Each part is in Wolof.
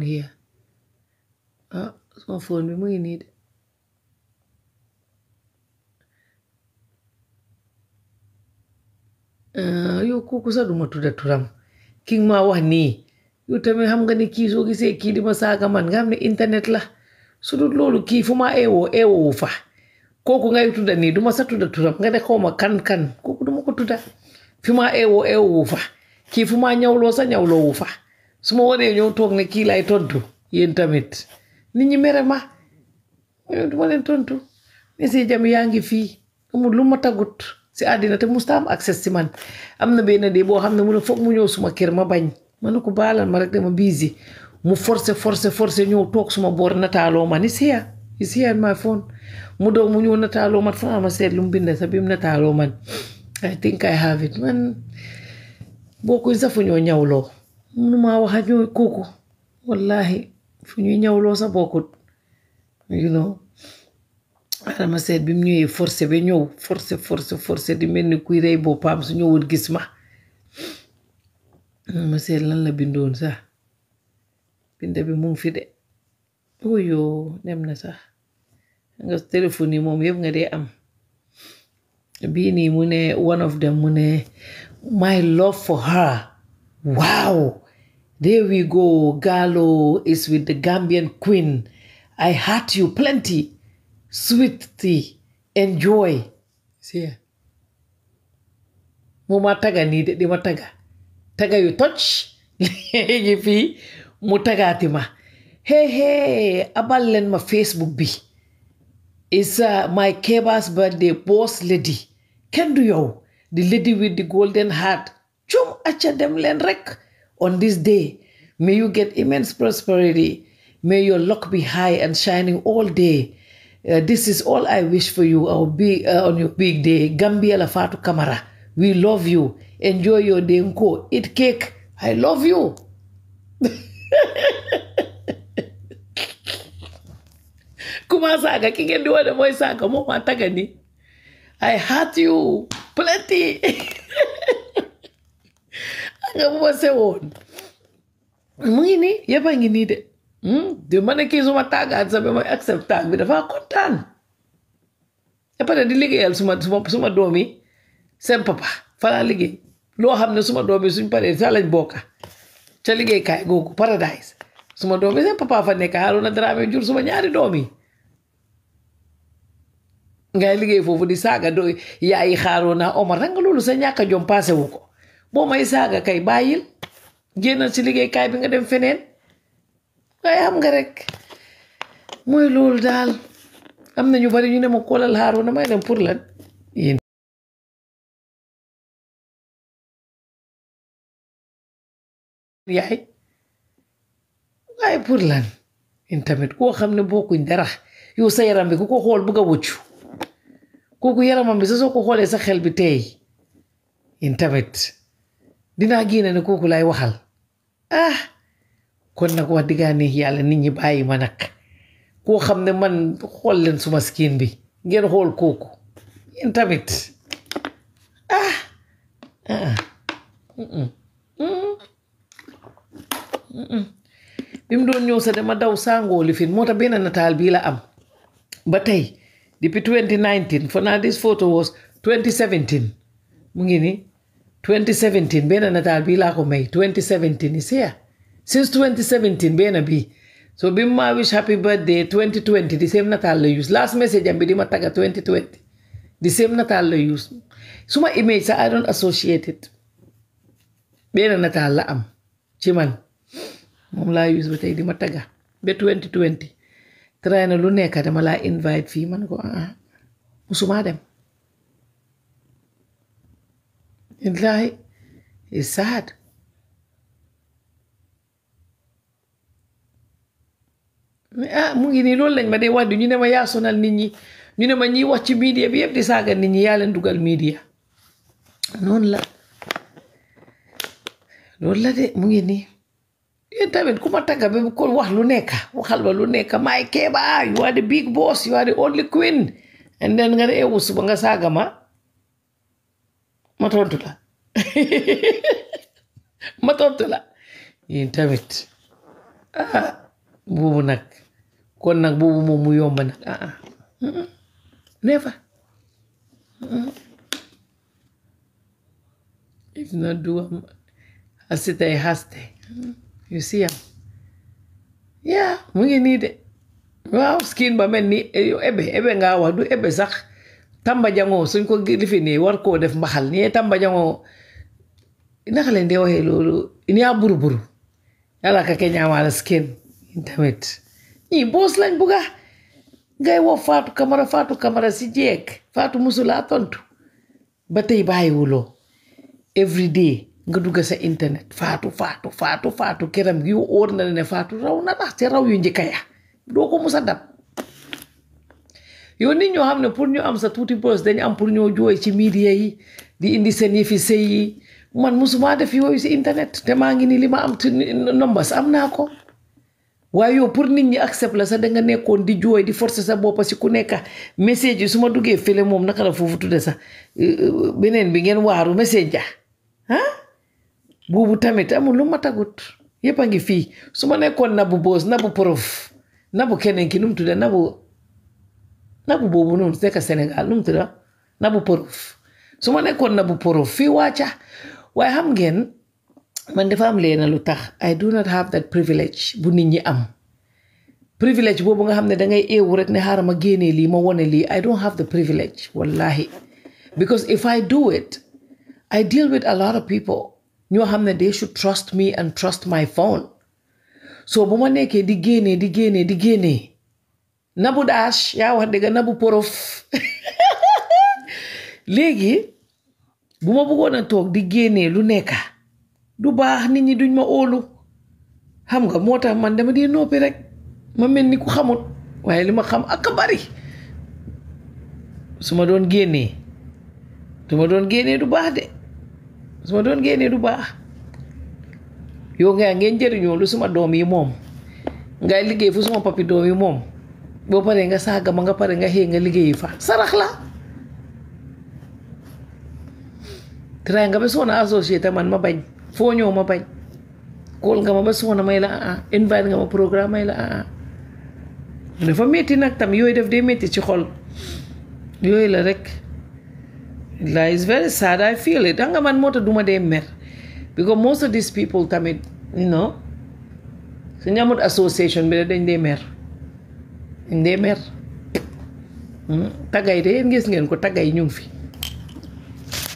here ah suma phone bi mu ngi nii de ah, yow kooku sax duma tudda turam ki ma wax nii yow tamit xam nga ni kii soo gisee kii di ma saaga man nga xam ne internet la su dul loolu kii fu ma eewoo eewoo fa kooku ngay tudda nii duma sax tudda turam nga ne xaw ma kan kan kooku duma ko tudda fi ma eewoo eewoo fa kii fu maa ñawloo sax ñawloowu fa su ma waree ñëw toog ne kii lay tontu yéen tamit nit ñi mere ma du leen tontu ne si jam yaa ngi fii amul lu ma taggut si àddina te musta am accès si man am na benn dee boo xam ne mu ne foog mu ñëw suma kër ma bañ ma ne ko baalal ma rek dama busy mu forcé forcé forcé ñëw toog suma boor nataaloo ma ni siya i siya ma foon mu doog mu ñëw nataaloo man fanaa seet lu mu bind sa bim nataaloo man I think I have it man boo koy safu ñoo ñawloo mënumaa wax ak yooyu kooku wallahi fu ñuy ñawloo sa bokkut you know Adama Seet bi mu ñëwee ba ñëw forcé forcé forcé di mel ni kuy rey boppam su ñëwoon gis ma ma Seet lan la bindoon sax bind bi mu fi de ooyoo dem na sax nga téléphone yi moom yëpp nga dee am bii nii mu ne one of them mu ne my love for her waaw There we go. Gallo is with the Gambian queen. I heart you plenty. Sweetie, enjoy. mu ma taga nii de di ma taga taga yu toj léegi fii mu tagaati ma hey hey abal leen ma facebook bi is uh, my Keba's birthday boss lady kenn du yow di lady with the golden heart cum acca dem leen rek on this day. May you get immense prosperity. May your luck be high and shining all day. Uh, this is all I wish for you I'll be, uh, on your big day. Gambia Lafatu Kamara, we love you. Enjoy your day. Nko. Eat cake. I love you. Kuma saga, kingen de da saga, mo matagani. I hurt you plenty. Kamu buban sai Mungkin mun ya ban deh. ni Hmm? Di mana kita semua ta ga zabe accept tag, kita faham kontan ya pada di liga semua semua semua dua domi sen papa fala lagi. lo hamne semua domi mi sini pada lan boka Cari gay kai go paradise dua domi sen papa fa kalau ka haruna drame jur nyari dua domi Nggak lagi fufu di saga do ya xaaroo Omar rek lulusnya loolu sa boo may saaga kay bàyyil génnal ci liggéeykaay bi nga dem feneen waaye xam nga rek mooy loolu daal am na ñu bari ñu ne ma koolal na may pour lan yéen pour lan yéen tamit koo xam ne boo bokkuñ dara yow sa yaram bi ku ko xool bëgg a wëccu kooku yaramam bi sa soo ko xoolee sa xel bi tey yéen tamit dinaa génne ne kooku lay waxal ah kon nag wax diggaa yàlla nit ñi bàyyi ma nag koo xam ne man xool leen suma skin bi ngeen xool kooku yéen tamit ah ah, ah. bi mu doon ñëw sa dama daw sàngoo lifin moo tax benn nataal bii la am ba tey depuis 2019 for now this photo was 2017 mu ngi nii 2017 benn nataal bii laa ko may 2017 is here since 2017 benn bii so bi ma wish happy birthday 2020 di same nataal la use last message am bi di ma tagga 2020 di same nataal la use suma image sax I don't associate it benn nataal la am ci man moom laa use ba tey di ma tagga ba 2020 try na lu nekk dama laa invite fii man ko ah, ah. musuma dem And like, it's sad. ah mu ngi nii loolu lañ ma dee wàddu ñu ne ma yaa sonal nit ñi ñu ne ma ñiy wax ci media bi yëpp di saaga nit ñi yaa leen dugal media noonu la loolu la de mu ngi nii yéen tamit ku ma tagga ba ko wax lu nekk waxal lu nekk maay Keba you are the big boss you are the only queen and then nga ne ewu eh, suba nga saaga ma ma tontu la ma tontu la yéen tamit ah boobu nag kon nag boobu moom mu yomb nag ah ah never if not do am asita e haste you see am yaa mu ngi nii de waaw skin ba mel ni eh, ebe ebe nga wax du ebe sax Tamba Jango suñ ko lifi nii war koo def mbaxal nii Tamba Jango naka leen di waxee loolu ni a buru buru yàlla ka kenn ñaamaale skin lañ bugga ngay woo Fatou Camara Fatou Camara si jeeg Fatou ba tey bàyyiwuloo every day nga dugg sa internet faatu Fatou faatu Fatou këram gi wóor na ne faatu raw na ndax ci raw yu njëkka ya doo ko musa dab yow nit ñoo xam ne pour ñu am sa tuuti boos dañu am pour ñoo jooy ci media yi di indi seen yëfi sëy yi man musuma def yooyu si internet te maa ngi ni li ma am ci nombas am naa ko waaye yow pour nit ñi accept la sax da nga nekkoon di jooy di forcer sa bopp si ku nekk message yi su ma duggee fële moom na la foofu tudde sax euh, euh, beneen bi ngeen waaru message ja ah boobu tamit amul lu ma tagut yëpp a ngi fii su ma nekkoon nabu boos nabu prof nabu keneen ki nu mu tudde nabu nabu bobu nun seka senegal num tira nabu porof su ma nekkoon nabu porof fii wàcca waaye xam ngeen man dafa am leena lu tax i do not have that privilege bu nit ñi am privilege boobu nga xam ne dangay eewu rek ne harama gene li ma wone i don't have the privilege wallahi because if i do it i deal with a lot of people ñoo xam they should trust me and trust my phone so bu ma digene di génnee di di nabu dash ya wax dëgg nabu porof legi bu gona tok di gene lu neka du bax nit ñi duñ ma olu xam nga motax man dama di nopi rek ma melni ni ku xamut waye lima xam ak bari suma don gene suma don gene du bax de suma don gene du bax yo nga ngeen jëriñoo lu suma doom yi ngay fu suma papi doom yi boo paree nga saaga ma nga pare nga xëy nga liggéey fa sarax la teraay nga ba soona associé te man ma bañ foo ñëw ma bañ kool nga ma ba soona may la aa invite nga ma programme may la aa dafa metti nag tam yooyu def dee metti ci xol yooyu la rek la is very sad I feel it danga man moo tax duma dee mer because most of these people tamit you know su ñu association bi dañ dee mer day mer tagay de yeen gis ngeen ko tagay ñu ngi fi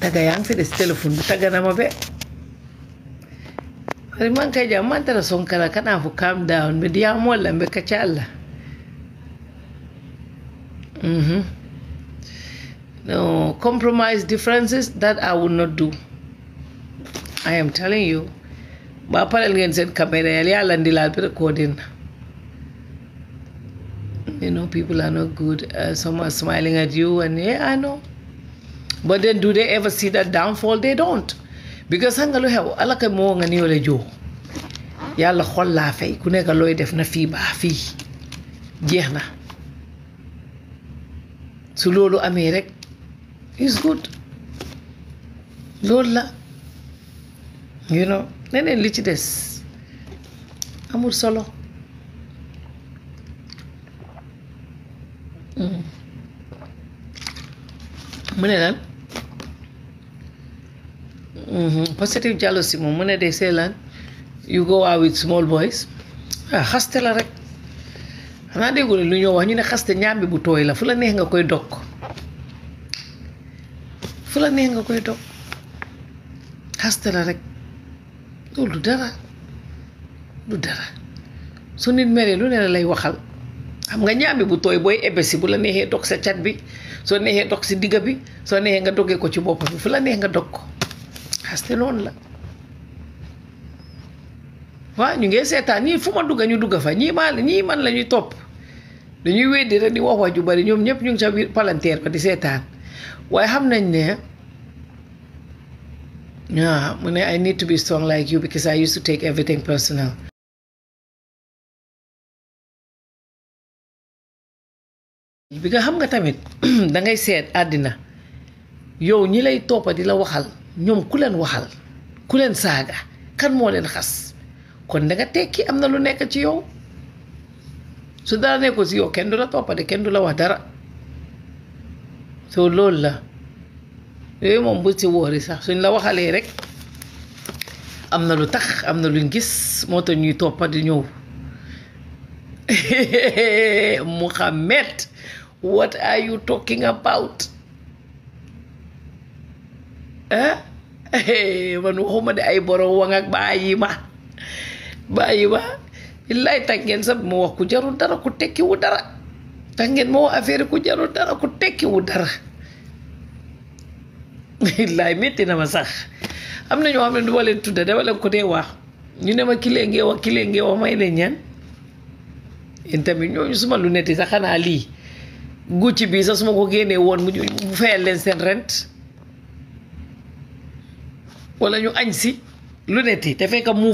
tagay yang fi des telephone bi taga ma be ari man kay jam man tara kala kana fu calm down mi diya molla mbe ka ci Allah mhm no compromise differences that I will not do I am telling you ba palal ngeen sen camera yalla ndilal ndilaal recording You know, people are not good. Uh, some are smiling at you, and yeah, I know. But then, do they ever see that downfall? They don't. Because xam nga lu xew alaka moo nga nii wala joo yàlla xol laa fay ku def na fi ba fi jeex na su rek is good loolu la you know nene li ci des amul solo mu ne lan mhm. positive jealousy moom mu ne de say lan you go out with small boys ah xaste la rek xanaa déggule lu ñoo wax ñu ne xaste ñaambi bu tooy la fu la neex nga koy dog fu la neex nga koy dog xaste la rek loolu dara du dara su nit meree lu ne la lay waxal xam nga ñaami bu tooy booy ebesi bu la neexee dog sa cat bi soo neexee dog si digga bi soo neexee nga dogee ko ci bopp bi fu la neex nga dog ko xaste noonu la waaw ñu ngee seetaan ñii fu ma dugga ñu dugga fa ñii maa ñii man la ñuy topp dañuy weddi rek di wax wax ju bari ñoom ñëpp ñu ngi sa biir palanteer ba di seetaan waaye xam nañ ne ah mu I need to be strong like you because I used to take everything personal bi nga xam nga tamit da ngay seet àddina yow ñi lay toppa di la waxal ñoom ku leen waxal ku leen saaga kan moo leen xas kon da nga tekki am na lu nekk ci yow su dara nekkul si yow kenn du la toppa de kenn du la wax dara soo loolu la yooyu moom bu si wóori sax suñ la waxalee rek am na lu tax am na luñ gis moo tax ñuy toppa di ñëw Muhammad what are you talking about ah man waxuma de ay borom wang ak bàyyi ma bàyyi ma illaay tax ngeen sax ma wax ku jarul dara ku tekkiwu dara tax ngeen ma wax affaire ku jarul dara ku tekkiwu dara illaay metti na ma sax am na ñoo xam ne du ma leen tudde dama leen ko dee wax ñu ne ma kilee ngee wax kilee ngee wax may leen ñaan yéen tamit ñooñu suma lu netti sax xanaa lii gucci bi sa su ma ko génnee woon mu fayal leen seen rent wala ñu añ si lu netti te fekk ma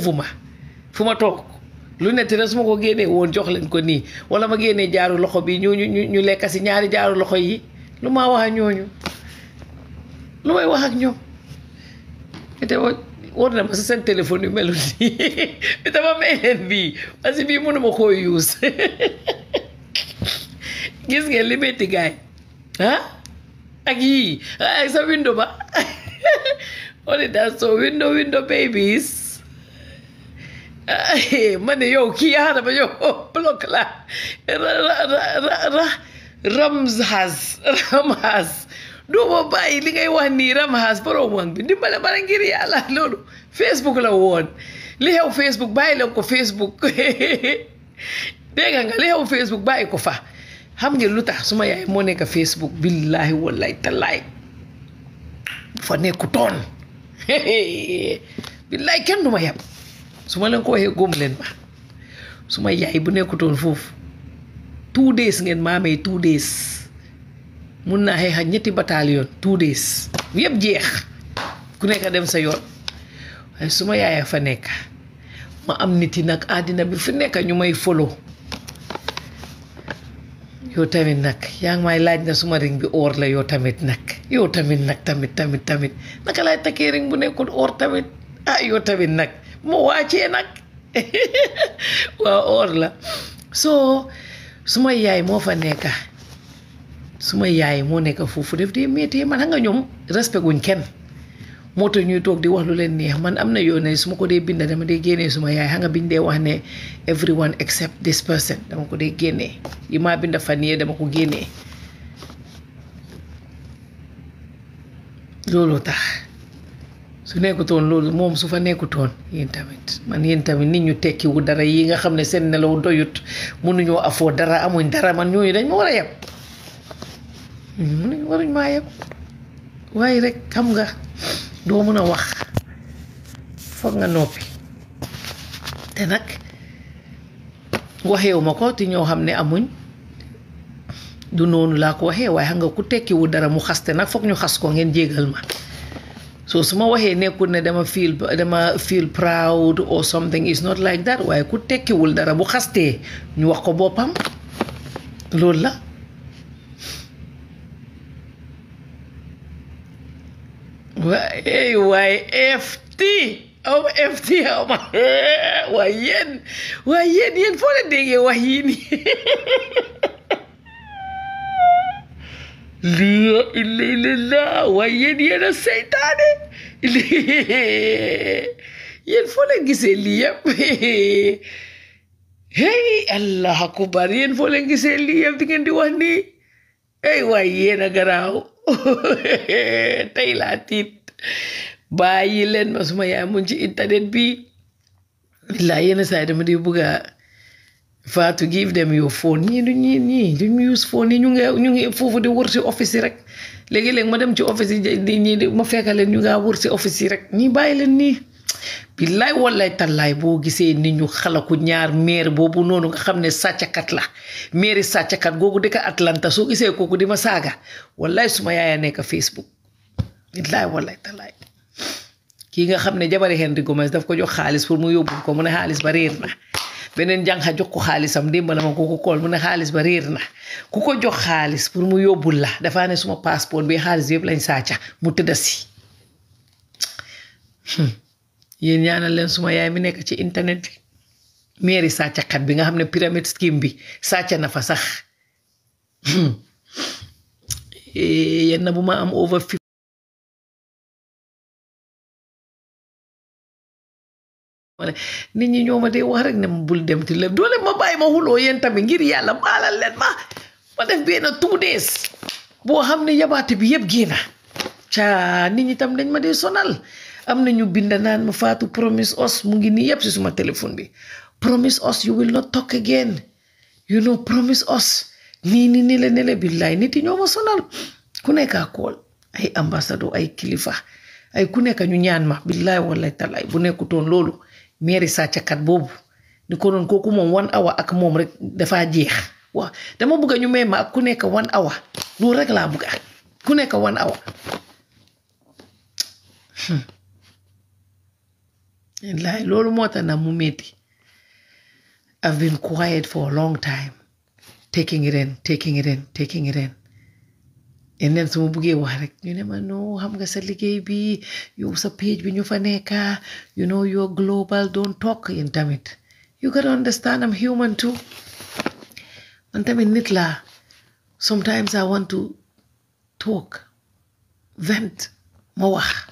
fu ma toog lu netti rek su ma ko génnee woon jox leen ko nii wala ma génnee jaaru loxo bi ñu ñu ñu lekk si ñaari jaaru loxo yi lu maa wax ak ñooñu lu may wax ak ñoom war na ma si seen téléphone yu melul nii dama may leen bii mënuma koo use gis ngeen li métti gaay ah ak yii ak sa window ba only that so window window babies ma yow kii yaa dama yow bloc la ramhas ramhas doo ma bàyyi li ngay wax nii ramhas borom wang bi dimbale ma ngir yàlla loolu facebook la woon li xew facebook bàyyi leen ko facebook dégg nga li xew facebook bàyyi ko fa xam nga lu tax su ma yaay moo nekk Facebook billaahi wallaay tallaay fa nekku toon billaay kenn du ma yab su ma leen ko waxee góom leen ma suma yaay bu nekku nekkutoon foofu two days ngeen maamee two days mun naa xeexa ñetti bataillon two days yëpp jeex ku nekk dem sa yoon waaye suma yaay a fa nekk ma am nit yi nag àddina bi fi nekk ñu may follow yow tamit nag yaa may laaj na suma ring bi or la yow tamit nag yow tamit nag tamit tamit tamit naka laay takkee ring bu nekkul or tamit ah yow tamit nag ma wàccee nag waaw or la soo suma yaay moo fa nekka suma yaay moo nekka foofu def dee métti man xam nga ñoom respect guñ kenn moo tax ñuy toog di wax lu leen neex man am na yoon ne su ma ko dee binda dama dee génnee suma yaay xam nga biñ dee wax ne everyone except this person dama ko dee génnee yi maa binda fan yee dama ko génnee tax su nekkutoon loolu su fa nekkutoon yéen tamit man yéen tamit nit ñu tekkiwu dara yi nga xam ne seen nelaw doyut mënuñoo afoo dara amuñ dara man ñooñu dañ ma war a yem mënuñ waruñ maa yem waaye rek xam nga doo mën a wax foog nga noppi te nag waxeewu ma ko te ñoo xam ne amuñ du noonu laa ko waxee waaye xam nga ku tekkiwu dara mu xaste nag foog ñu xas ko ngeen jégal ma so su ma waxee nekkul ne dama feel dama feel proud or something is not like that waaye ku tekkiwul dara bu xastee ñu wax ko boppam loolu la waaye waaye FT aw oh, FT aw oh ma waaye yéen waaye yéen yéen foo leen laa ilaaha illallaah a seytaane yéen foo leen gisee lii allah akbar yéen foo leen gisee di ngeen di wax a garaaw tey laa tiit bàyyi leen ma suma yaay mun ci internet bi laa yenn saa yi dama di bugga faa to give them your phone ñii du ñii ñii duñ use phone ñu ngi ñu ngi foofu di wër si office rek léegi-léeg ma dem ci office yi ñii di ma fekka leen ñu ngaa wër si office rek ñii bàyyi leen nii billaay wallaay tallaay boo gisee nit ñu xalaku ñaar maire boobu noonu nga xam ne sàccakat la maire sàccakat googu dëkk Atlanta soo gisee kooku di ma saaga wallaay suma yaaya nekk Facebook billaay wallaay tallaay nga xam ne jabari Henry Gomez daf ko jox xaalis pour mu yóbbul ko mu ne xaalis ba réer na beneen jànqa jox ko xaalisam démb la ma kooku kool mu ne xaalis ba na ku ko jox xaalis pour mu yóbbul la dafaa suma passeport bi xaalis yëpp lañ sàcca mu tëdda si hmm. yéen ñaanal leen suma yaay mi nekk ci internet bi mairie sàcckat bi nga xam ne pyramid scheme bi sàcc na fa sax eh, yenn bu ma am nit ñi ñoo ma dee wax rek ne bul dem ti lëb doole ma bàyyi ma xuloo yéen tamit ngir yàlla baalal leen ma ma def benn two days boo xam ne yabaate bi yépp génna caa nit ñi tam dañ ma dee sonal am na ñu bind naan ma faatu promise us mu ngi nii yëpp si suma téléphone bi promise us you will not talk again you know promise us nii nii nii la ne nit yi ñoo ma sonal ku nekk ay ambassadeur ay kilifa ay ku nekk ñu ñaan ma bu nekkutoon loolu sàccakat boobu ni ko doon kooku moom ak moom rek dafaa jeex dama bëgg ñu may ma ak ku nekk one hour loolu rek laa bëgg ku nekk one hour hmm. And like Lolumota Namumeti, I've been quiet for a long time, taking it in, taking it in, taking it in. And then some buge warek, you never know, hamga salige bi, you sa page bin faneka, you know you're global, don't talk in tamit. You gotta understand I'm human too. And then nitla, sometimes I want to talk, vent, mawah.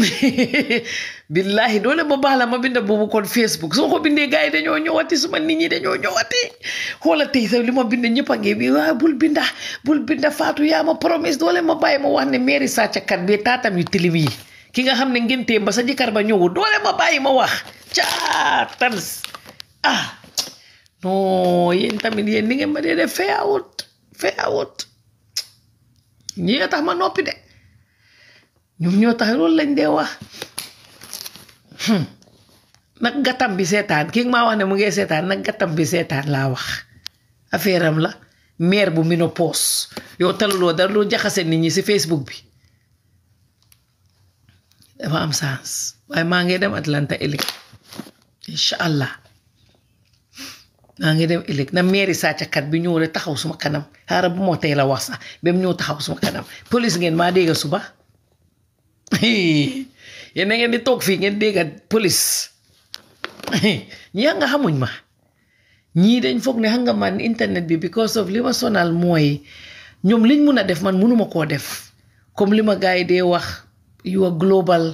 billahi dole ma bala ma binda kon facebook so ko bindee gars yi dañoo ñëwati suma nit ñi dañoo ñëwati xoola tey sax li ma binde bi waa ah, bul binda bul binda fatu ya. ma promise dole ma bàyyi ma wax ne mairie sàccakat bi taatam yu tilim yi ki nga xam ne ba sa jikar ba ñëwu dole ma bàyyi ma wax ah no yéen tamit yéen ni ngeen ma dee def feyawut feyawut ñi tax ma de ñoom ñoo tax loolu lañ dé wax hmm. nak gatam bi seetaan ki ma wax né mu ngi seetaan nak gatam bi la wax affaire la mère bu menopause yo taluloo dara lu jaxase nit ñi ci facebook bi dafa am sens way ma ngi dem atlanta elik inshallah ma maa dem elik na ca kat bi ñu rek taxaw suma kanam xaaral bu mo tay la wax sax ba mu taxaw suma kanam police ngeen ma dégg suba yéen na ngeen di toog fii ngeen dégg police ñi nga xamuñ ma ñii dañ foog ne xam man internet bi because of li sonal mooy ñoom liñ mun a def man munuma koo def comme li ma gars yi dee wax yu a global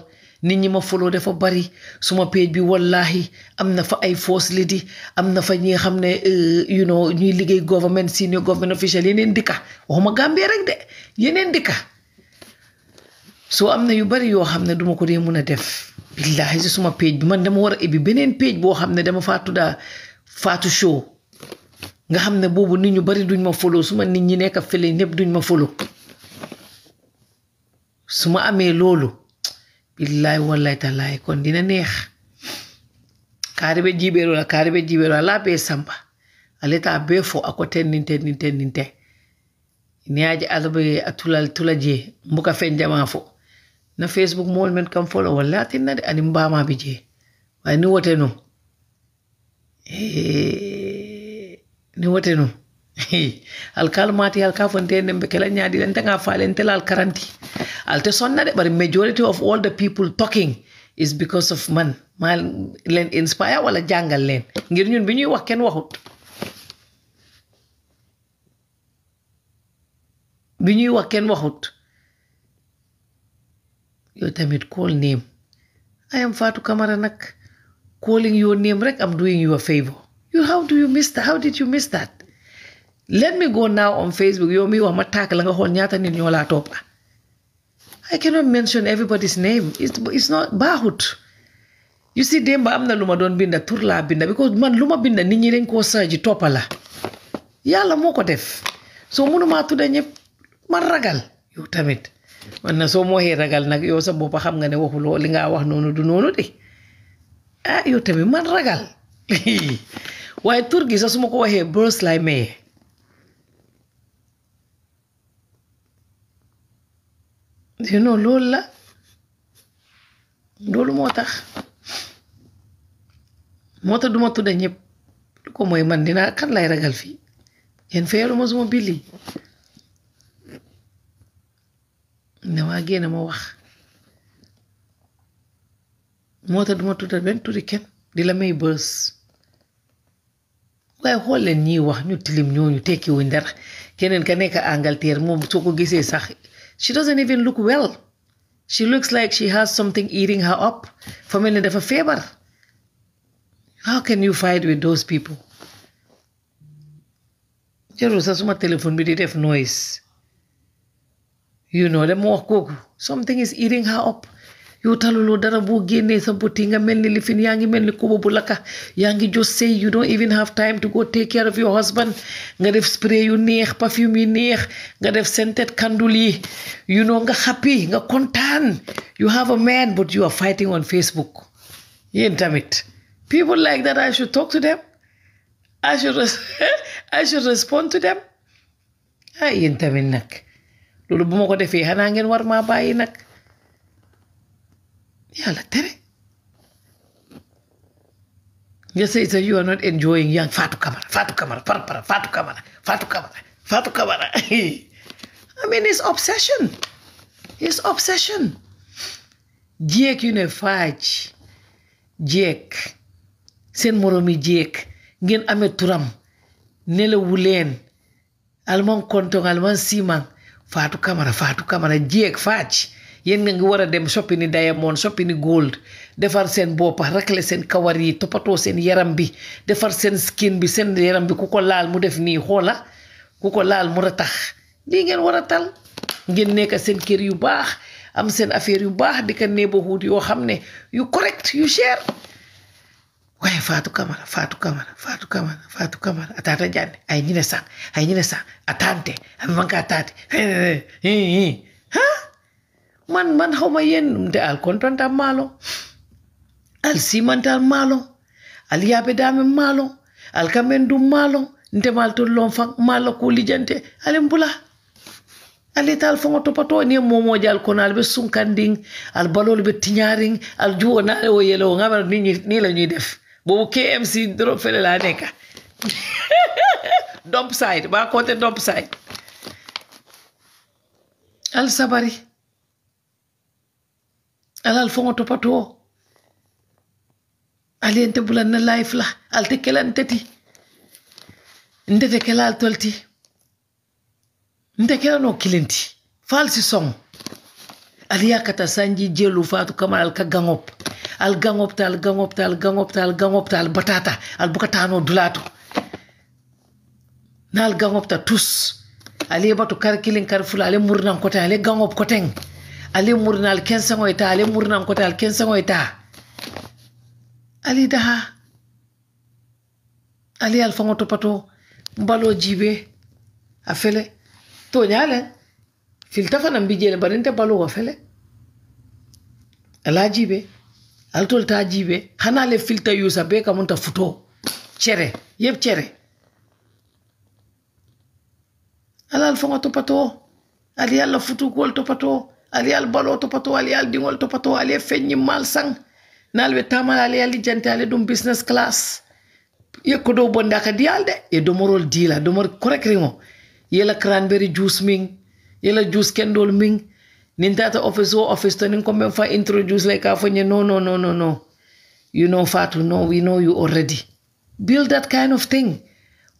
nit ñi ma follow dafa bari suma page bi wallahi am na fa ay force li di am na fa ñi nga xam ne eh, you know ñuy liggéey government senior government official yeneen dikka waxuma Gambie rek de yeneen dikka soo na yu bari yoo xam ne duma ko dee mun a def suma page bi man dama war a ibbi beneen page boo xam ne dama faa tudda Fatou nga xam ne boobu nit ñu bari duñ ma follow suma nit ñi nekk fële ñëpp duñ ma follow su ma amee loolu billahi wallahi tallahi kon dina neex kaaribe jiibeero la kaaribe jiibeero alaa bee samba aleta bee fo ako tenninte ninte ninte ni aje alabe atula tula je mbuka fen jama na facebook mool men kam folo walla atinna de anin mbamaɓe jee wayi ni wote non ni wote non alkal mati alka fonte nden ɓe kela ñaadi ɗen taga faale en tela alkaranti alte sonna de but majority of all the people talking is because of man ma len inspire wala jangal len ngir ñun bi ñuy wax ken waxut bi wax ken waxut you tell call name. I am Fatu Kamaranak. Calling your name, Rek, I'm doing you a favor. You, how do you miss that? How did you miss that? Let me go now on Facebook. You me wama takalanga honyata ni nyola topa. I cannot mention everybody's name. It's, it's not bahut. You see, ba amna luma don binda turla binda because man luma binda ninyi len ko saji topala. Yalla moko def. So munu ma tudde ñep You ragal yow tamit. na so mohe ragal nak yo sa boppa xam nga ne waxuloo li nga wax nonu du nonu de ah yo tamit man ragal wae tour gi sa suma ko waxee bros lay maye you know lola la loolu motax tax moo tax ko moy man dina kan lay ragal fi yen feeru mo suma billi ne waagino ma wax moo tax duma tuutal benn turi kenn di la may bës waaye xool leen ñiy wax ñu tilim ñooñu tekki wuñ dara keneen ka nekk Angleterre moom soo ko gisee sax she doesn't even look well she looks like she has something eating her up For mel ne favor. how can you fight with those people jarul sax suma téléphone bi di def noise you know, the mokok. Something is eating her up. You talulo dara bugene sabutinga menli lifin yangi menli kubo bulaka. Yangi just say you don't even have time to go take care of your husband. Nga to spray yu neck, perfume yu neex, to def scented candle You know, I'm happy, nga kontan. You have a man but you are fighting on Facebook. You tamit. People like that I should talk to them. I should I should respond to them. I yentamin loolu buma ko defee xanaa ngeen war ma bàyyi nak yalla tere nga say sa you are not enjoying yang fatu kamara fatu kamara par par fatu kamara fatu kamara fatu kamara I mean his obsession his obsession jek une ne jek sen moromi jek ngeen amé turam nelawulen almon alman almon alman faatu Camara faatu Camara jéeg fàcc yéen nga ngi war a dem soppi ni diamond soppi ni gold defar seen boppa bopp régler seen kawar yi toppatoo seen yaram bi defar seen skin bi seen yaram bi ku ko laal mu def nii xoola ku ko laal mu ratax lii ngeen war a tal ngeen nekk seen kër yu baax am seen affaire yu baax di ko neighborhood yoo xam ne yu correct yu cher. waaye faatu kamara faatu kamara faatu kamara faatu kamara atata janne ay ñine sang ay ñine sang atante ami manka ha man man xawma yen de al kontonta maalo al simantal maalo al yaɓe dame maalo al kamen dum maalo ndemal to lon fan maalo ko lijante ale mbula alital fongo topato ni momoje al kono be sunkandin al balol be tiñarin al juwo o yelo ngamar ni la ñuy def boobu KMC drop fële laa nekka dump side maa côté dump side al sabari alal fo nga toppatoo aliente bulan na life la alte kela nteti ndete kela al tolti nte kela no kilinti falsi song ali yakata sanji jelu faatu kama ka gangop al gaŋopta al gaŋopta al gaŋopta al gaŋopta al batata al bukatano dulato na al gaŋopta tus ale batu kar kilin kar fula ale murnan koten ale gaŋop koten ale murna al kensaŋo ita ale murnan koten al kensaŋo ita ali daha ali alfaŋo pato mbalo jibe a fele to nyale filta fanaŋ bi jele bari nte baluwo fele ala jibe altol ta jibe hana le filta yusa be ka futo cere yeb cere alal fonga pato ali alla futu kol pato ali al balo topato ali al dingol topato ali fenyi mal sang nalbe tamal ali ali jante ali dum business class ye ko do bonda ka diyalde e domorol dila domor korekrimo yela cranberry juice ye yela juice kendol ming. nintata office or office tonin komɓen fa introduce like ka foñe no no no no no you know fatu no we know you already build that kind of thing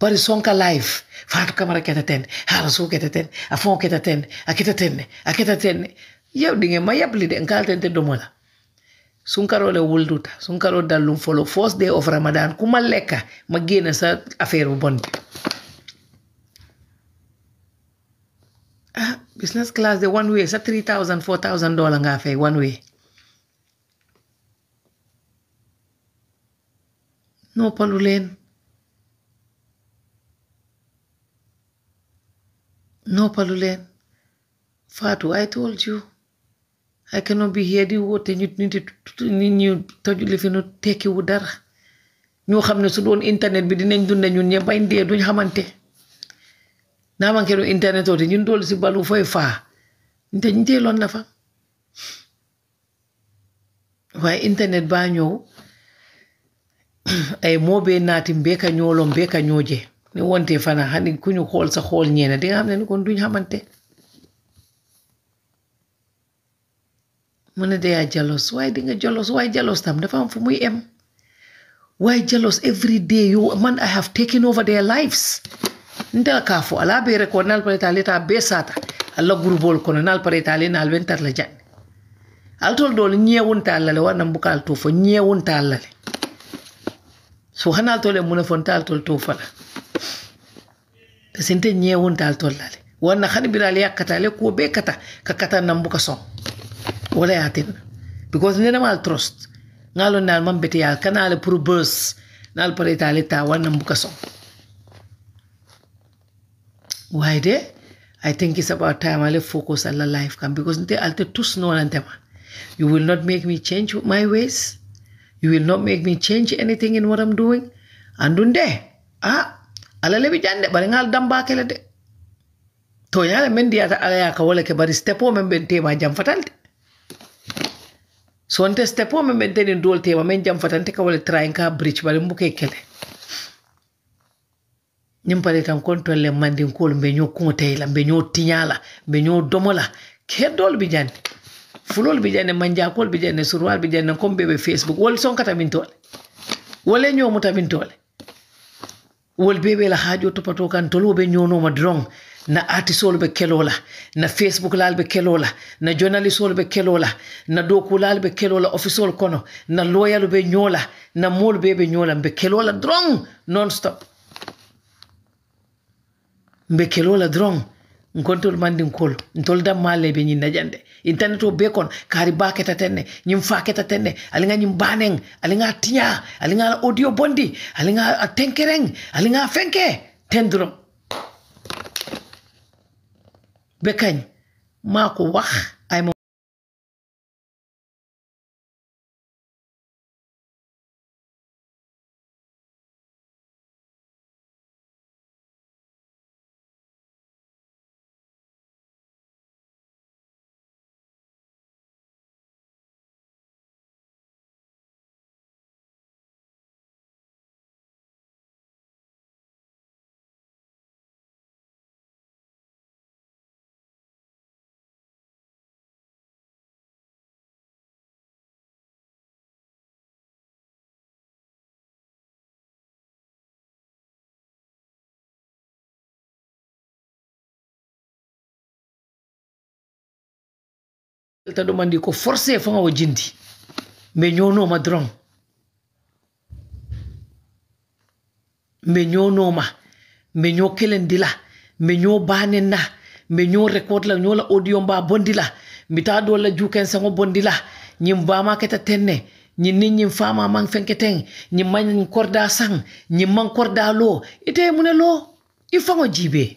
bari sonka life fatu kamara keta ten haala so keta ten a fon keta ten a keta ten a keta tenne yew ɗinge ma yablide en kaltente domola sunkarole wulduta sunkaro dallum follow first day of ramadan kumaleka lekka ma sa affair bond. ah business class de one way sa three thousand four thousand dollar ngaa fay one way noppalu leen noppalu leen Fatou I told you I cannot be here di woote ñu nit ñu toju li tekkiwu dara ñoo xam ne su doon internet bi dinañ dunde ñun ñe bañ dee duñ xamante namanke ɗo internet o te ñin tol si balu foye faa nte ñinte e lon nafa waye internet ba ñow ay eh, moɓe natin be ka ñolon be ka ñoje ni wonte fana hani kuñu xool sa xool ñeena di nga xam ne ni kon duñ xamante mu ne daya jalos waaye di nga jalos waaye jalos tam dafa am fu muy em waaye jealous every day you, man i have taken over their lives nte kafu fo ala bere ko nal pare tale ta be sata alla gurbol kono nal pare tale nal ben tar la jan altol dol nyewun talale wannan bukal to fo nyewun talale so hanal tole mun fon tal tol to fala sinte nyewun tal tol lale wannan hani bilal le ko be kata ka kata nan buka son wala ya tin because ne trust ngalo nal man beti alkan kanale pour bus nal pare tale ta wannan buka son Why there? I think it's about time I focus on the life come because they are too small and them. You will not make me change my ways. You will not make me change anything in what I'm doing. And dunde, ah, ala lebi jande ngal damba kele de. To yale mendi ata ala ya kawale ke bari stepo men ben tema jam fatalde. So ante stepo men ben teni dol tema men jam fatante kawale trying ka bridge bari mbuke kele. ñiŋ pare tan kontol le mandinkoolu be ñoo kuŋo tayi la mbe ñoo tiña la be ñoo domo la keddoolu bi janni fulol bi janne manjaakoolu bi janne surwaalu bi janne comme bee be facebook wolu sonkata min toole wole ñoo muta min toole wol bee bee la haajoo topatoo kan tolu be ñoonooma doroŋ na artisoolu be keloo la na facebook laalu be keloo la na journalistoolu be keloo la na dookulaalu be keloo la officeolu kono na looyalu be ñoo la na moolu bee be ñoo la be keloo la doroŋ non stop la dron nkontol mandin kol ntol da male be nyin najande internet o be kon kari ba keta tenne nyim fa keta tenne alinga nyim baneng alinga tinya alinga audio bondi alinga tenkereng alinga fenke tendro be kany mako wax ta domandi ko forcé e fanga o jindi ñono madrong, dron ñono ma, me ño kelen dila me ño banen na me ño record la ño la audio mba bondila mi ta do la juken sango bondila ñim ma keta tenne ñi nit ñi fama mang fenketeng ñi mañ korda sang ñi mang korda lo ite ne lo i jibe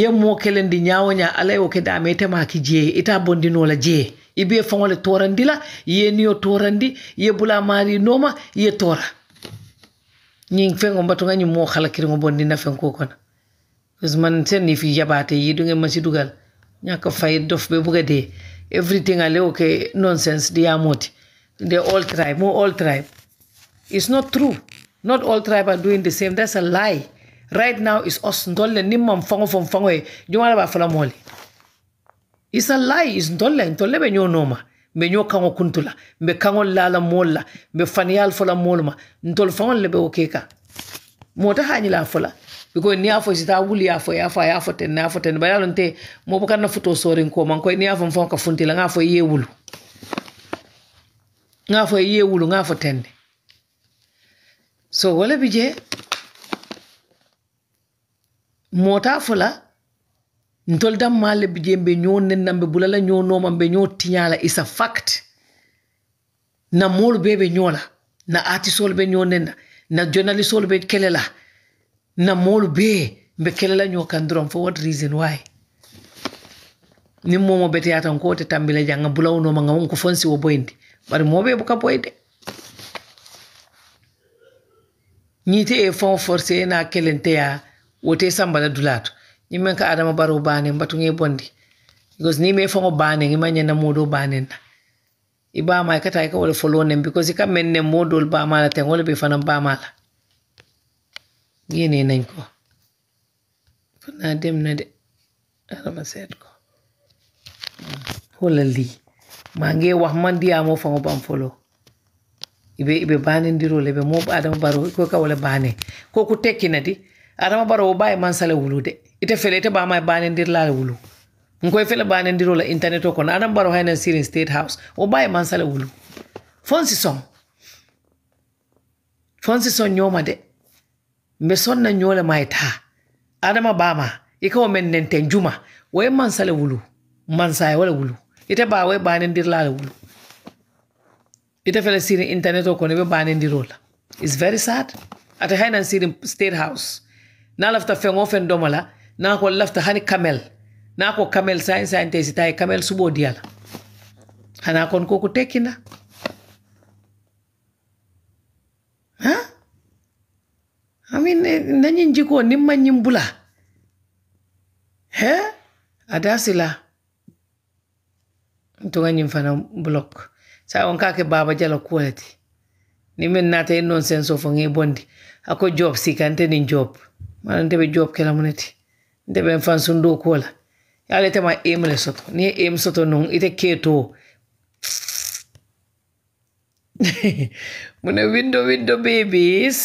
yemmo kelen ndi ñawoña alay o kede a metemaki je ita bondinola je ibe faŋole torandi la ye niyo torandi ye bula mari noma ye tora ñiŋ feŋo batuŋa ñiŋ moo halakiriŋo bondina feŋko kono usman sen ni fi yabaate yi duŋe masi dugal ñaka fay dof be buga de everything ale o ke nonsense diyamoti the all tribe mo all tribe it's not true not all tribe are doing the same that's a lie right now is us ndolle nimman fango fon fango e jumala ba fala mole it's a lie is ndolle ndolle be nyonoma me nyo kango kuntula me kango lala molla me fanial fola molma ntol fango lebe okeka mota hani la fola biko ni afo sita wuli afo ya afo ya afo ten na afo ten bayalo nte mo bukan na foto sorin ko man ko ni afo fango ka funtila ngafo yewulu ngafo yewulu ngafo tende so wala bije mota fula ntol dammalle ɓe jembe la nennanɓe bulala ño nomanɓe ño tiñala isa fact na moolu be ñoo la na artisol be ñoo nenna na be kele la na moolu bee kele la ñoo kan duron fo what reason why nin momo beteya tan ko te tambila janga bulawunoma ga wonko fonsi wo boyndi bari moɓe buka boyde ñiite e fon forcé na kelenteya wote samba la dulaato ñimmen ka adama baro baane batuge bondi because ni me fango baane ima ñanna modo baanen na i bama i kata i ka wole folo nen because i ka men nen modol bama la teng wole be fana bama la gene nañ ko fana demna de adama seet ko wala li ma nge wax man diyamo fango bam folo ibe ibe banen dirole be mo adama baro ko ka wala bane ko ku tekki na di adama bara wo baye mansale wulude ite fele ite bamaye la wulu nkoye fele banendirola internet o kono adama bara haynan sirin state house wo baye mansale wulu fonsi son fonsi son nyoma de mbe sonna ñole ma ta adama bama ikawo men nenten juma woye mansale wulu mansaye wala wulu ite ba woye la wulu ite fele sirin internet o kono ɓe la. It's very sad ata haynan sirin state house na lafta feŋo feŋ doma la na ko lafta hani kamel na ko kamel sayin sayin te sita ye kamel subo diya la hana kon koku tekina. ha amin eh, nañin jiko nimmañin mbula he ada sila tugañin fana blok sa on kake baba jala kuwalati ni min nata in non ngi bondi ako job sikante nin job mala nte be job kela muneti nte be fan sundo kola yala ite ma aim le soto ni ye aim soto nun ite keto mune window window babies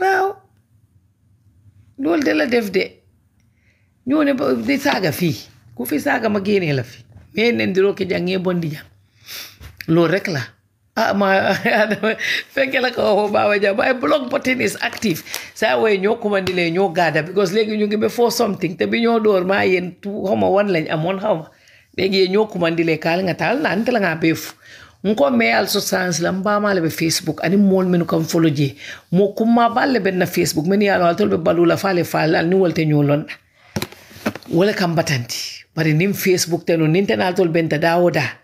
waaw loolu de la def de ñoo ne di saaga fii ku fi saaga ma génnee la fi mais nen diroo ki jàngee bon di jàng rek la ama fekkee la ko waxoo Baba. jaa waaye block button is active saa wooye ñoo commandile ñoo gaada because léegi ñu ngi ba for something te bi ñoo door ma yéen tu xawma wan lañ amoon xawma léegi yéen ñoo commandile kaal nga tal naan te la ngaa beefu nko me also sans la mbamale be facebook ani mon men kam follow je mo kuma balle ben na facebook men ya lawal tolbe balula fale fale ani wolte nyolon wala kam batanti bari nim facebook teno nin tenal tol ben ta dawoda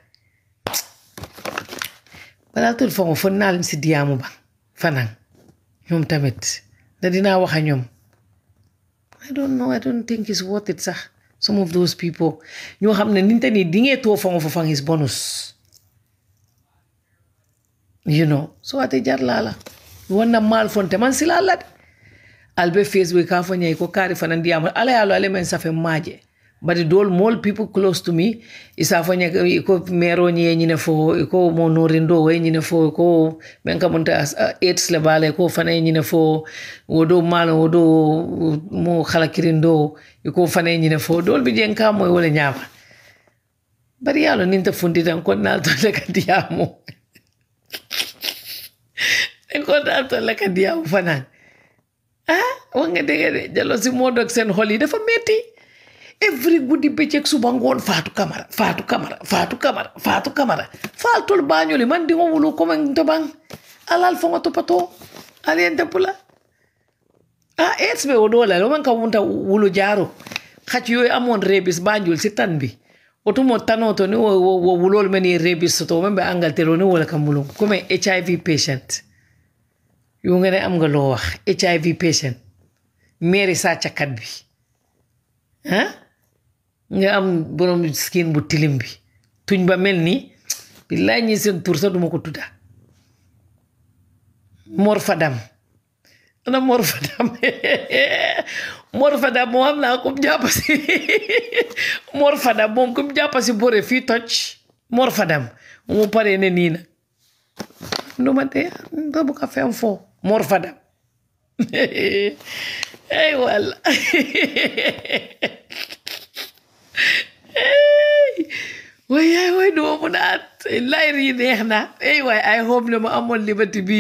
balaatul fon fo naalim si diamu ba fanan ñom tamit da dina wax ak ñom i don't know i don't think it's worth it sax some of those people ñu xamne ni tane di ngee to fo fo bonus you know so ate jar laa la wonna maal fonte man si la albe facebook ka fo ñay ko kari fanan diamu ala lo ale men fe maje bade dol mol people close to me isa fanya ko mero ni ni nyine fo ko mo no rendo we ni nyine fo ko men kam ta uh, eight le bale ko fane ni nyine fo wo do mal wo do mo khala kirindo ko fane ni nyine fo dol bi jen kam moy wala nyaama bar yalo nin ta fundi tan ko nal to le kadiyamo en ko nal to le kadiyamo fanan ah wanga de jalo si mo dok sen holi dafa metti every guddi bëccëg suba ngoon Fatou Camara Fatou Camara Fatou Camara Fatou Camara faatul baañoli man di nga wulu ko man toban alal fo nga toppatoo alien tepula ah aids be wodo la man ka wunta wulu jaaro xac yooyu amoon rebis Banjul si tan bi otumo tanoto ni wo, wo, wo wulol meni rebis soto men be Angleterre ni wala kam wulum comme HIV patient yu nga ne am nga loo wax HIV patient mairie sàccakat bi ah nga am borom skin bu tilim bi tuñ ba mel ni billaay ñi seen tur duma ko tudda Mor Fadam ana Mor Fadam Mor moom am naa ko jàpp morfadam Mor Fadam moom bore fii toj Mor Fadam mu paree na nu ma dee ba bu ko fen foo Mor Fadam walla waaye yaay waay duma naat layr yi neex na ay waay ay hope ne ma amoon liberté bi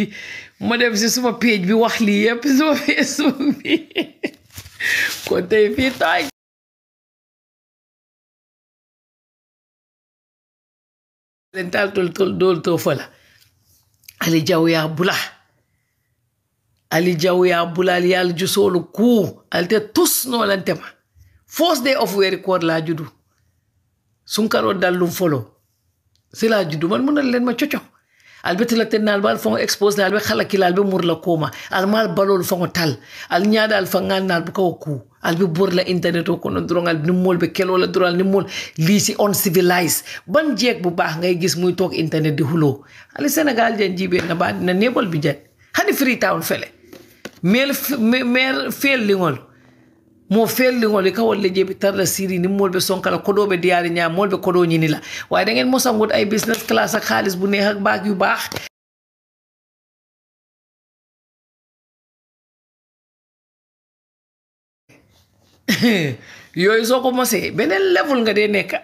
ma dem si suma page bi wax lii yëpp suma Facebook bi kon tey fii taaj den dool too fa ali jaw yaa bula ali jaw yaa bula ali yàlla jusoolu kuu ali te tus noo lante ma first day of weeri koor laa juddu Sunkaro Dallum Folo sila juddu man mun na leen ma coco albe tilaten na albal fongo expose na albe xala kila albe murla koma almal balol fongo tal al nyaada al fangal na albe kaw ku albe burla internet o kono drong al la ban jeek bu baax ngay gis muy tok internet di hulo ali senegal jen jibe na ba na nebol bi jet hani freetown fele mel mel fel lingol mo felligol e kawolle je ɓe tarla siri nimmol ɓe sonkala koɗoɓe diyari ñamolɓe koɗo ñinila way da gen mosa god ay business class ak haalis bu neex ak baak yu baax yooyu soo ko mosee beneen level nga dee nekka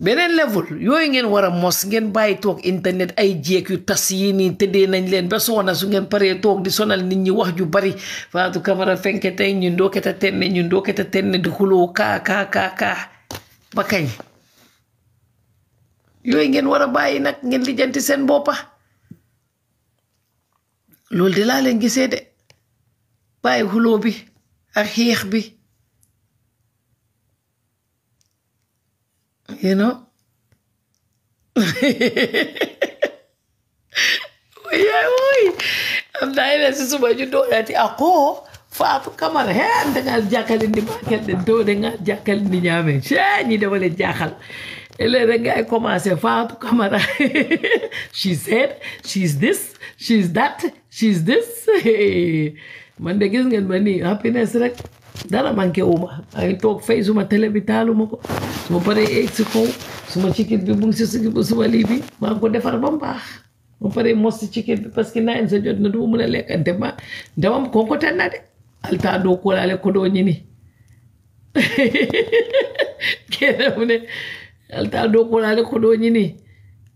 beneen level yooyu ngeen war a mos ngeen bàyyi toog internet ay jéeg yu tas yi nii tëddee nañ leen ba soona su ngeen paree toog di sonal nit ñi wax ju bari Fatou Camara fenke tey ñu ndooketa tenne ñu ndooketa tenne di xuloo kaa kaa kaa kaa ba kañ yooyu ngeen war a bàyyi nag ngeen lijjanti seen boppa loolu de laa leen gisee de bàyyi xuloo bi ak xiix bi You know? yeah, i am naa as si suba ñu dooleeti ako faatu kamara he da ngaa jàkkali ni màgget de doo da ngaa jàkkali ni ñaame cee ñi dama leen jaaxal léeg rek ngay commencé faatu kamara she said she is this she is that she is this man de gis Monday. ma nii happiness rek dala manke uma. Aí então fez uma televital, uma suma pare exico, uma chiquit bi bung sisi bi suma libi, ma ko defar bam bax. Mo pare mos ci chiquit bi parce que nine sa jot na du mëna lek ante ma dawam ko ko tan na de. Alta do ko la ko do ñini. Kene alta do ko la ko do ñini.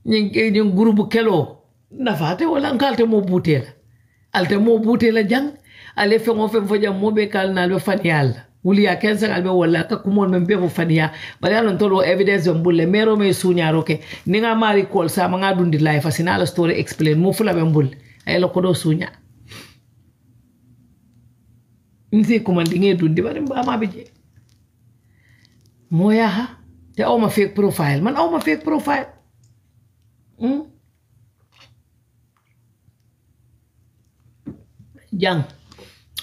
Ñi ñi groupe kelo nafate wala ngalte mo butela. Alte mo la jang ale feŋ wo feŋ fo jaŋ moo bee ka na lo be faniyaa la wuli a kenseŋ be wala ka kumoolu meŋ bee fo faniyaa bari evidence meŋ bulle meeroo meŋ ye suuñaaro ke niŋ a maari kool saama ŋa dundi laaye fasi la story explain mu fula meŋ bulle a ye la kodoo suuñaa nsi kumandi ŋa ye dundi ba mbaamaa be mo mooyaa ha te aw ma fake profile man oma ma fake profile mm? jang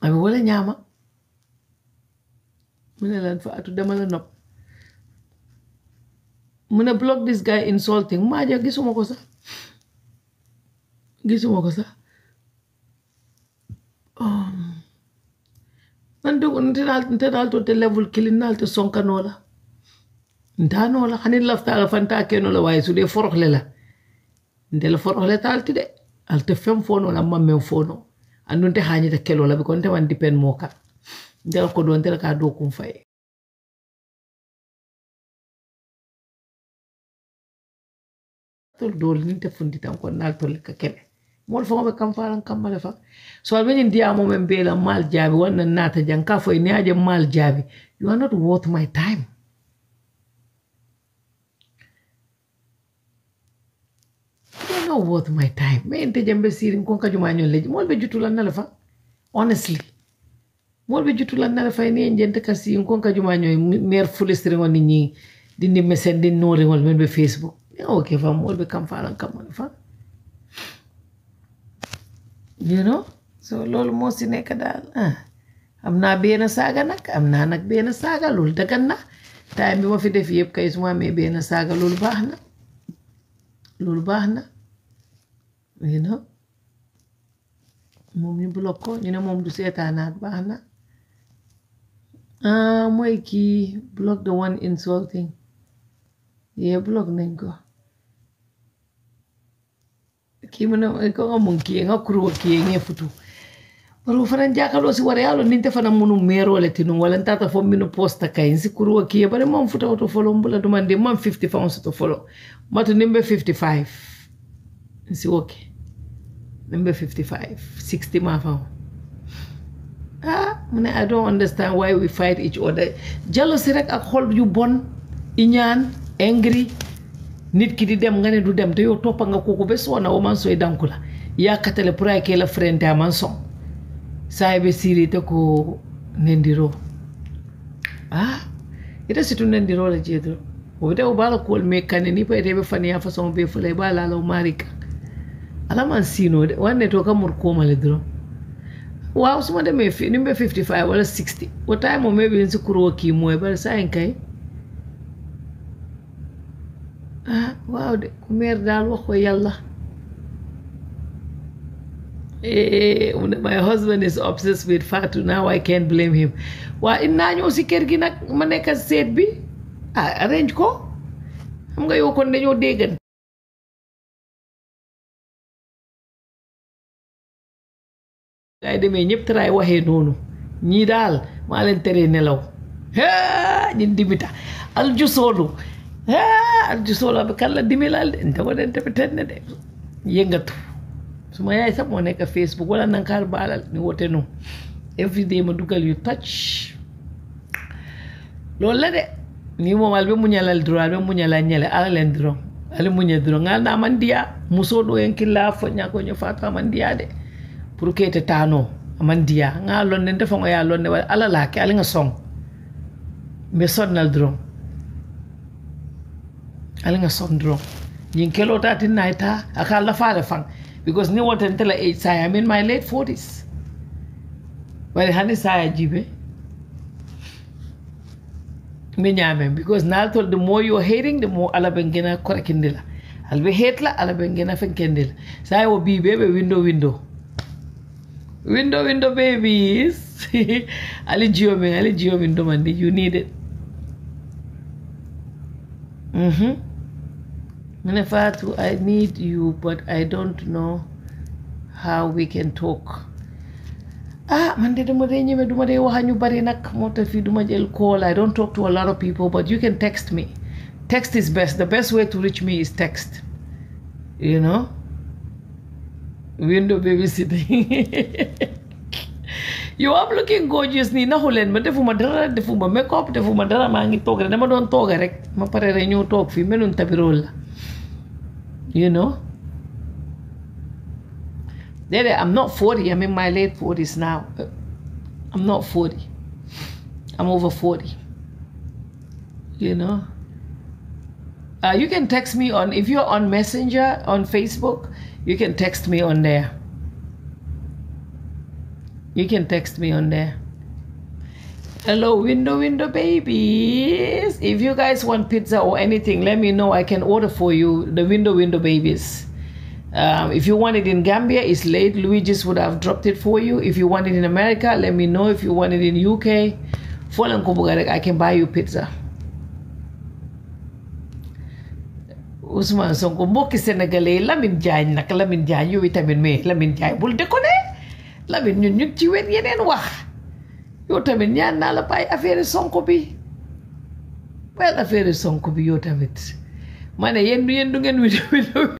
ami wala ñaama mu ne leen fa atu dama la nopp mu ne block this guy insulting maa ja gisuma ko sax gisuma ko sax nan dog nte naal nte naal to te level kilin naal te sonkanoo la ntaanoo la xani laftaala fantaa kenoo la waaye su dee foroxle la nte la foroxle taal ti de al te fem foonoo la mamem men foonoo non te hañita kelo la bi kon te wan dipen mo kan ndel ko do ndel ka do kum fay tol dol ni te fundi tan ko nal tol ka kebe mol fo be kam faran kam male fa so al benin dia mo men bela mal jabi wannan nata janka fo ni aje mal jabi you are not worth my time never worth my time ma ente jambe siri nkonka juma nyon leji molbe jutula nalefa honestly molbe jutula nalefa ni njente kasi nkonka juma nyon mer fulistri ngon ni dindi mesen din nori ngol men be facebook okay fa molbe kam faran kam fa you know so loolu moo si nekk daal ah. am naa benn saaga nag am naa nag benn saaga loolu dagan na time bi ma fi def yëpp kay su ma amee saaga loolu baax na Nina, moom ñu bloqué nina ñu ne moom du seetaanaat baax na ah mooy kii block the one insulting Ye block nañ ko kii mu ne ko nga ki kii nga kuruwa kii nga e futu baro fana jakalo si wara yalo ninte fana munu mero le tinu wala ntata fo minu posta kai nsi kuruwa kie bare mam futa oto folo mbula dumande mam 50 pounds to folo matu nimbe 55 nsi woke okay number 55 60 mafao ah mu I don't understand why we fight each other jealousy rek ak xol yu bon iñaan angry nit ki di dem nga ne du dem te yow toppa nga be so na o man soy danku ya la katale pour ay la frente a man son Say be siri te ko nendiro ah ida situ nendiro la jeedro wo de o bala ko me kanne ni pa ite be fa ya façon be fulay bala baa laalaw alama sinode wanne to kamur komale doro waw suma de mefi nimbe 55 wala What time o maybe nsi kuroo kii mooy bari sayin kay ah waaw de kumer dal wa wax ko yàlla eh, my husband is obsessed with fatu now I can't blame him Wa in naa si kër gi maneka said nekk seet bi ah arrange ko xam nga yow kon dañoo déggan day demee ñëpp taraay waxee noonu ñii daal maa leen teree nelaw ñun dimita aljusoolu aljusoolu abi kan la dimi laal de ndama den tebi de yëngatu suma yaay sax moo nekk facebook wala nankaar baalal ni wote noonu every ma dugal yu touch loolu la de ni moom albe muñalal duro albe muñalal ñele ala leen duro ali muñe duro ngal na man diya musoo doo yen killaa fo ñaa ko ñu de pour que ete tano aman diya nga lonne nte fongo ya lonne wala ala la ke ali nga song mbe sonnal drong ali nga son drong ñing kelo ta tin nay ta aka la faale fang because ni wote ntela age saya i'm in my late 40s wala hani saya jibe mi ñamen because naatol the more you are hating the more ala ɓe gena korekindila alɓe heetla ala ɓe gena fenkendila sa wo biɓe ɓe window window window window babies ali jio mein ali jio window mandi you need it mhm I need you, but I don't know how we can talk. Ah, man de duma de ñëme de waxa ñu nak motax fi duma jël call. I don't talk to a lot of people, but you can text me. Text is best. The best way to reach me is text. You know? window babysitting. you are looking gorgeous ni nahulen ma defuma dara defuma makeup defuma dara maa ngi toog rek dama doon toog rek ma pare rek ñëw toog fii melun tabirol la you know déedéet I'm not 40 I'm in my late 40s now I'm not 40 I'm over 40 you know uh, you can text me on if you're on messenger on facebook you can text me on there. You can text me on there. Hello, window, window babies. If you guys want pizza or anything, let me know. I can order for you the window, window babies. Um, if you want it in Gambia, it's late. Luigi's would have dropped it for you. If you want it in America, let me know. If you want it in UK, Folan Kubugarek, I can buy you pizza. Ousmane Sonko mbokki sénégalais yi Lamine Diagne nag Lamine Diagne yooyu tamit mais Lamine Diagne bul déconné Lamine ñun ñu ci wet yeneen wax yow tamit ñaan naa la bàyyi affaire Sonko bi bàyyi affaire sonk bi yow tamit ma ne yéen du yéen du ngeen